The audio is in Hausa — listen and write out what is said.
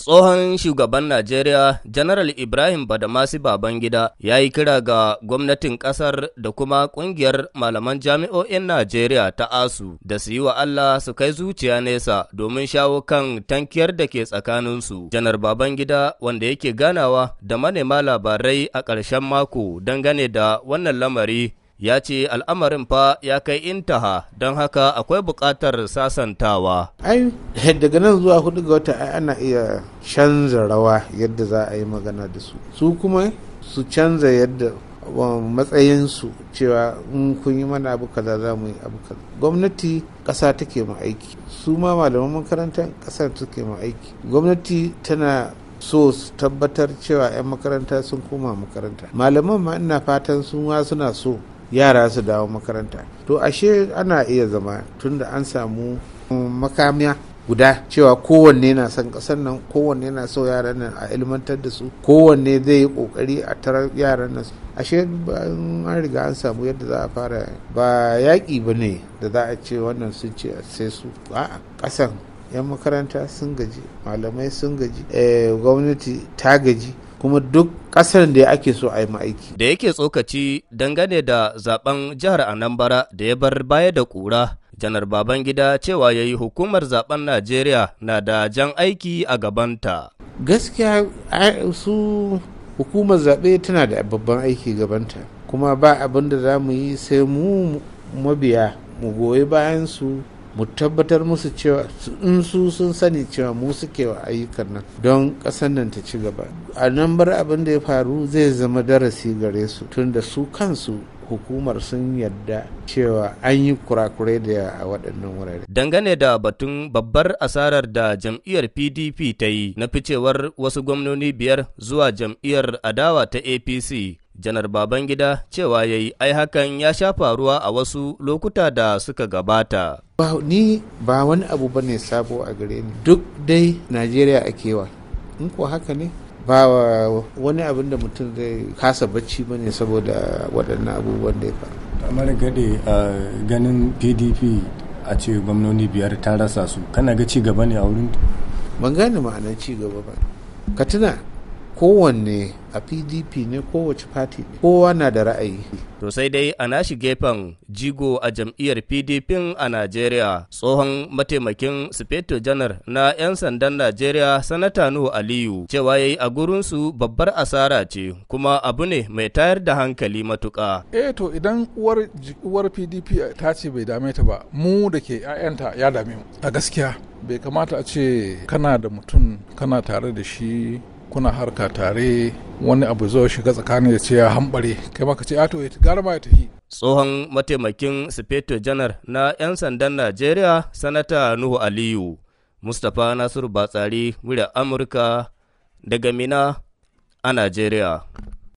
Tsohon shugaban Najeriya, Janaral Ibrahim Badamasi Babangida ya yi kira ga gwamnatin ƙasar da kuma ƙungiyar malaman jami'o'in Najeriya ta ASU da su yi wa Allah su kai zuciya nesa domin shawo kan tankiyar da ke tsakaninsu. Janar Babangida wanda yake ganawa da manema labarai a ƙarshen mako dangane da wannan lamari ya ce al'amarin fa ya kai intaha don haka akwai buƙatar sasantawa. Ai, daga nan zuwa hudu ga wata ana iya canza rawa yadda za a yi magana da su. Su kuma su canza yadda matsayinsu cewa in kun yi mana abu kaza za mu yi abu kaza. Gwamnati ƙasa take mu aiki, su ma malaman makarantar ƙasar take mu aiki. Gwamnati tana so su tabbatar cewa 'yan makaranta sun koma makaranta malaman ma ina fatan sun suna so yara su dawo makaranta to ashe ana iya zama tunda an samu makamiya guda cewa kowanne na son ƙasar nan kowanne na so yaran nan a ilmantar da su kowanne zai yi ƙoƙari a tarar yaran nan ashe an riga an samu yadda za a fara ba yaƙi ba ne da za a ce wannan sun ce sai su a ƙasan 'yan makaranta sun gaji malamai sun gaji eh, gwamnati ta gaji kuma duk kasar da ake so a yi aiki. Da yake tsokaci dangane da zaben jihar Anambra da ya bar baya da kura, janar Babangida cewa ya yi hukumar zaben Najeriya na da jan aiki a gabanta. Gaskiya su hukumar zaɓe tana da babban aiki gabanta, kuma ba abin da za mu yi sai mu mabiya mu goyi bayan su mu tabbatar musu cewa in su sun sani cewa mu suke wa ayyukan nan don ƙasar nan ta ci gaba a nan bar abin da ya faru zai zama darasi gare su tunda su kansu hukumar sun yadda cewa an yi kurakurai da yawa a waɗannan wurare. Dangane da batun babbar asarar da jam'iyyar PDP ta yi na ficewar wasu gwamnoni biyar zuwa jam'iyyar adawa ta APC janar babangida cewa ya yi ai hakan ya sha faruwa a wasu lokuta da suka gabata ni ba wani abu ba ne sabo a gare ni duk dai najeriya a kewa in ko haka ne ba wani abin da mutum zai kasa bacci ba ne saboda waɗannan abubuwan da ya faru kamar gade ganin pdp a ce gwamnoni biyar ta rasa su kana ga ci gaba ne a wurin ban gane ma'anar ci gaba ba ka tuna kowanne a pdp ne kowace party ne kowa na da ra'ayi to sai dai a nashi gefen jigo a jam'iyyar pdp a najeriya tsohon mataimakin sufeto janar na 'yan sandan najeriya sanata nuhu aliyu cewa yayi yi a gurinsu babbar asara ce kuma abu ne mai tayar da hankali matuka eh to idan uwar pdp ta ce bai dame ta ba mu da ke 'ya'yanta ya dame mu a gaskiya bai kamata a ce kana da mutum kana tare da shi kuna harka tare wani abu zo shiga tsakanin ya ce ya hambare kai maka ce ato gara ma ya tafi tsohon mataimakin sufeto janar na 'yan sandan najeriya sanata nuhu aliyu mustapha nasiru batsari murya amurka daga mina a najeriya